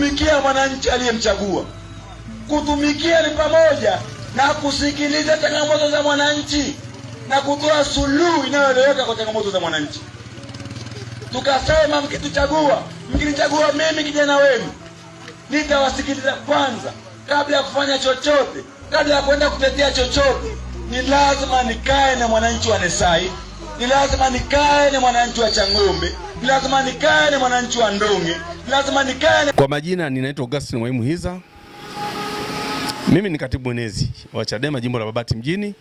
kumtumikia mwananchi aliyemchagua. Kutumikia ni pamoja na kusikiliza changamoto za mwananchi na kutoa suluhu inayoeleweka kwa changamoto za mwananchi. Tukasema mkituchagua, mkinichagua mimi kijana wenu, nitawasikiliza kwanza kabla ya kufanya chochote, kabla ya kwenda kutetea chochote. Ni lazima nikae na mwananchi wa Nesai ni lazima nikae ni mwananchi wa Changombe, ni lazima nikae ni mwananchi wa Ndonge, ni lazima nikae ni... Kwa majina ninaitwa Augustine Mwaimu Hiza, mimi ni katibu mwenezi wa Chadema jimbo la Babati mjini,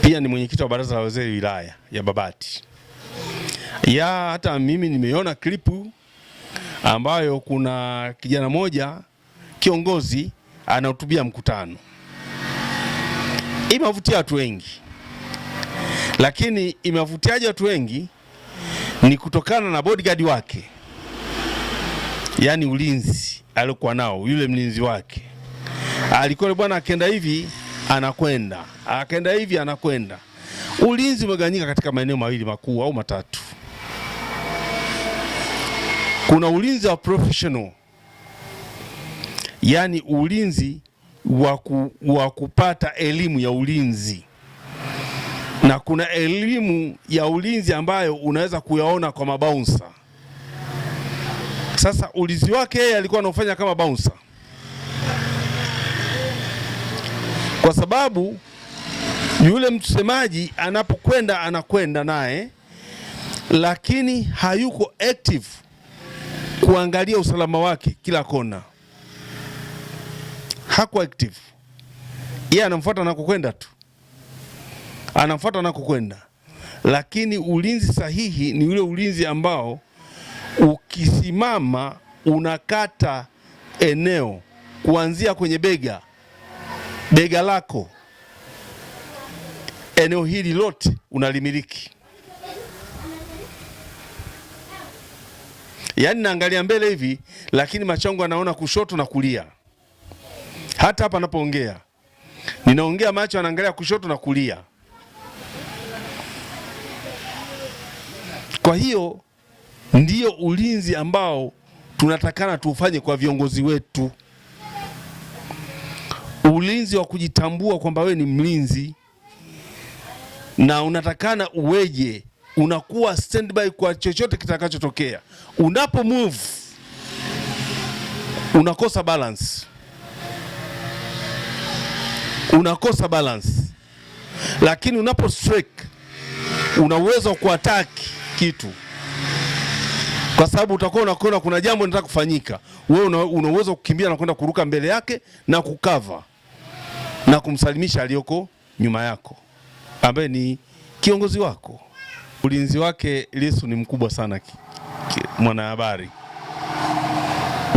pia ni mwenyekiti wa baraza la wazee wilaya ya Babati. Ya hata mimi nimeona klipu ambayo kuna kijana moja kiongozi anahutubia mkutano, imewavutia watu wengi lakini imewavutiaje watu wengi? Ni kutokana na bodyguard wake, yaani ulinzi aliokuwa nao yule mlinzi wake. Alikuwa bwana, akenda hivi anakwenda, akenda hivi anakwenda. Ulinzi umegawanyika katika maeneo mawili makuu au matatu. Kuna ulinzi wa professional, yaani ulinzi wa kupata elimu ya ulinzi na kuna elimu ya ulinzi ambayo unaweza kuyaona kwa mabaunsa. Sasa ulinzi wake yeye alikuwa anaofanya kama baunsa, kwa sababu yule msemaji anapokwenda anakwenda naye, lakini hayuko active kuangalia usalama wake kila kona, hako active yeye, anamfuata anakokwenda tu anamfuata anakokwenda, lakini ulinzi sahihi ni ule ulinzi ambao ukisimama unakata eneo kuanzia kwenye bega bega lako, eneo hili lote unalimiliki. Yaani naangalia mbele hivi, lakini macho yangu anaona kushoto na kulia. Hata hapa napoongea, ninaongea macho anaangalia kushoto na kulia. Kwa hiyo ndio ulinzi ambao tunatakana tuufanye kwa viongozi wetu, ulinzi wa kujitambua kwamba wewe ni mlinzi na unatakana uweje, unakuwa standby kwa chochote kitakachotokea. Unapo move unakosa balance, unakosa balance, lakini unapo strike una uwezo wa kuataki kitu, kwa sababu utakuwa unakuona kuna jambo linataka kufanyika, wewe una uwezo kukimbia na kwenda kuruka mbele yake na kukava na kumsalimisha aliyoko nyuma yako ambaye ni kiongozi wako. Ulinzi wake Lissu ni mkubwa sana, mwanahabari.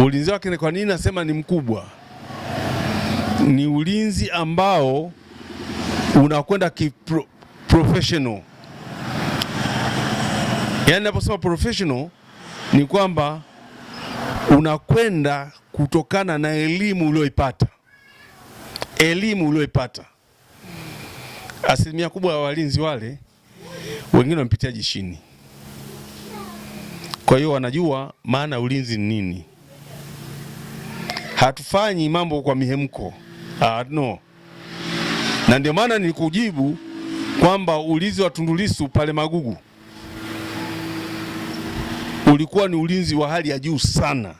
Ulinzi wake, kwa nini nasema ni mkubwa? Ni ulinzi ambao unakwenda kiprofessional pro Yaani naposema professional ni kwamba unakwenda kutokana na elimu ulioipata, elimu ulioipata. Asilimia kubwa ya walinzi wale wengine wamepitia jeshini, kwa hiyo wanajua maana ulinzi ni nini. Hatufanyi mambo kwa mihemko ah, no. Na ndio maana nilikujibu kwamba ulinzi wa Tundu Lissu pale Magugu ulikuwa ni ulinzi wa hali ya juu sana,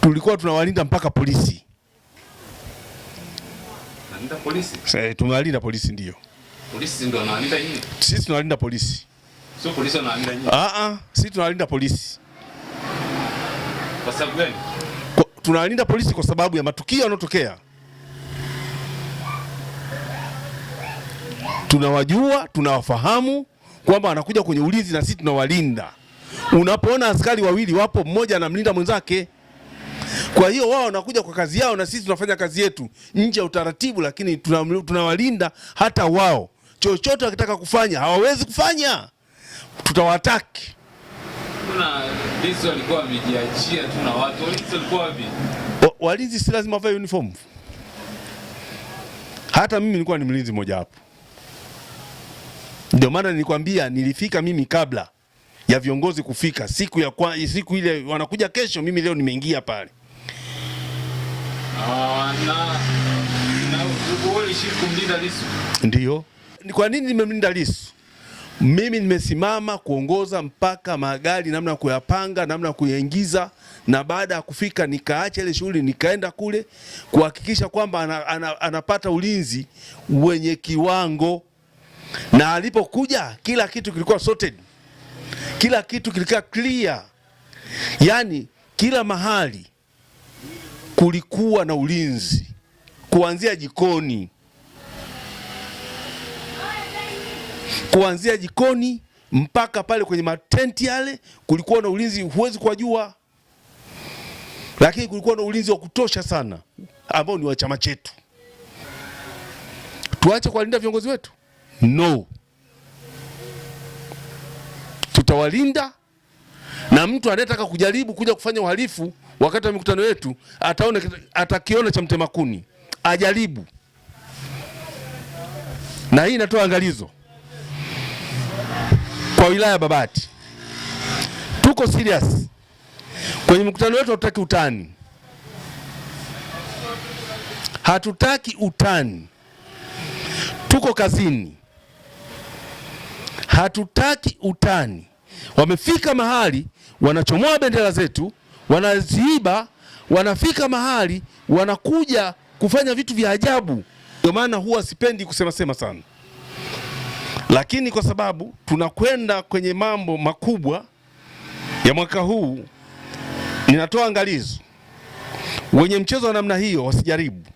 tulikuwa tunawalinda mpaka polisi, tunawalinda polisi, ndio sisi tunawalinda polisi, ah, ah, sisi tunawalinda polisi kwa sababu gani? Tunawalinda polisi kwa sababu ya matukio yanayotokea, tunawajua, tunawafahamu kwamba anakuja kwenye ulinzi na sisi tunawalinda. Unapoona askari wawili wapo, mmoja anamlinda mwenzake. Kwa hiyo wao wanakuja kwa kazi yao na sisi tunafanya kazi yetu nje ya utaratibu, lakini tunawalinda. Hata wao chochote wakitaka kufanya hawawezi kufanya, tutawataki walinzi si lazima wavae uniform. Hata mimi nilikuwa ni mlinzi mmoja hapo. Ndio maana nilikwambia nilifika mimi kabla ya viongozi kufika siku ya kwa, siku ile wanakuja kesho, mimi leo nimeingia pale ndio. Kwa nini nimemlinda Lissu? Mimi nimesimama kuongoza mpaka magari, namna ya kuyapanga, namna ya kuyaingiza, na baada ya kufika nikaacha ile shughuli nikaenda kule kuhakikisha kwamba ana, ana, anapata ulinzi wenye kiwango na alipokuja kila kitu kilikuwa sorted, kila kitu kilikuwa clear, yaani kila mahali kulikuwa na ulinzi kuanzia jikoni, kuanzia jikoni mpaka pale kwenye matenti yale kulikuwa na ulinzi, huwezi kuwajua, lakini kulikuwa na ulinzi wa kutosha sana, ambao ni wa chama chetu. Tuache kuwalinda viongozi wetu no. Tutawalinda, na mtu anayetaka kujaribu kuja kufanya uhalifu wakati wa mikutano yetu ataona, atakiona cha mtema kuni, ajaribu. Na hii inatoa angalizo kwa wilaya Babati, tuko serious kwenye mkutano yetu. Hatutaki utani, hatutaki utani, tuko kazini hatutaki utani. Wamefika mahali wanachomoa bendera zetu, wanaziiba, wanafika mahali wanakuja kufanya vitu vya ajabu. Ndio maana huwa sipendi kusema sema sana, lakini kwa sababu tunakwenda kwenye mambo makubwa ya mwaka huu, ninatoa angalizo, wenye mchezo wa namna hiyo wasijaribu.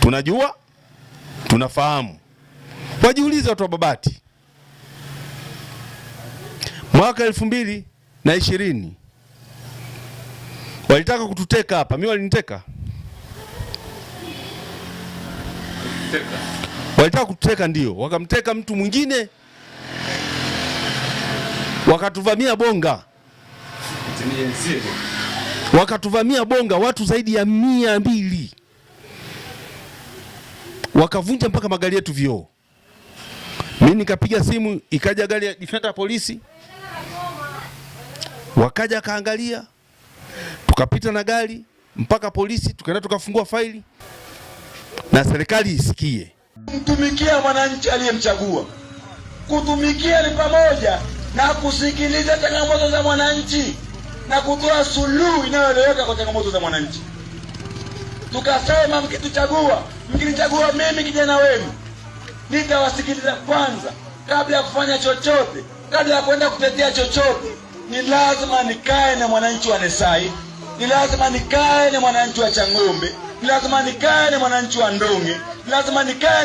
Tunajua, tunafahamu Wajiulize watu wa Babati, mwaka elfu mbili na ishirini walitaka kututeka hapa. Mimi waliniteka, walitaka kututeka, ndio wakamteka mtu mwingine, wakatuvamia Bonga, wakatuvamia Bonga watu zaidi ya mia mbili wakavunja mpaka magari yetu vioo. Mimi nikapiga simu, ikaja gari ya defender polisi, wakaja kaangalia, tukapita na gari mpaka polisi, tukaenda tukafungua faili na serikali isikie kumtumikia mwananchi aliyemchagua. Kutumikia ni pamoja na kusikiliza changamoto za mwananchi na kutoa suluhu inayoeleweka kwa changamoto za mwananchi. Tukasema mkituchagua, mkinichagua mimi kijana wenu nitawasikiliza kwanza kabla ya kufanya chochote, kabla ya kwenda kutetea chochote. Ni lazima nikae na mwananchi wa Nesai, ni lazima nikae na mwananchi wa Chang'ombe, ni lazima nikae na mwananchi wa Ndonge, ni lazima nikae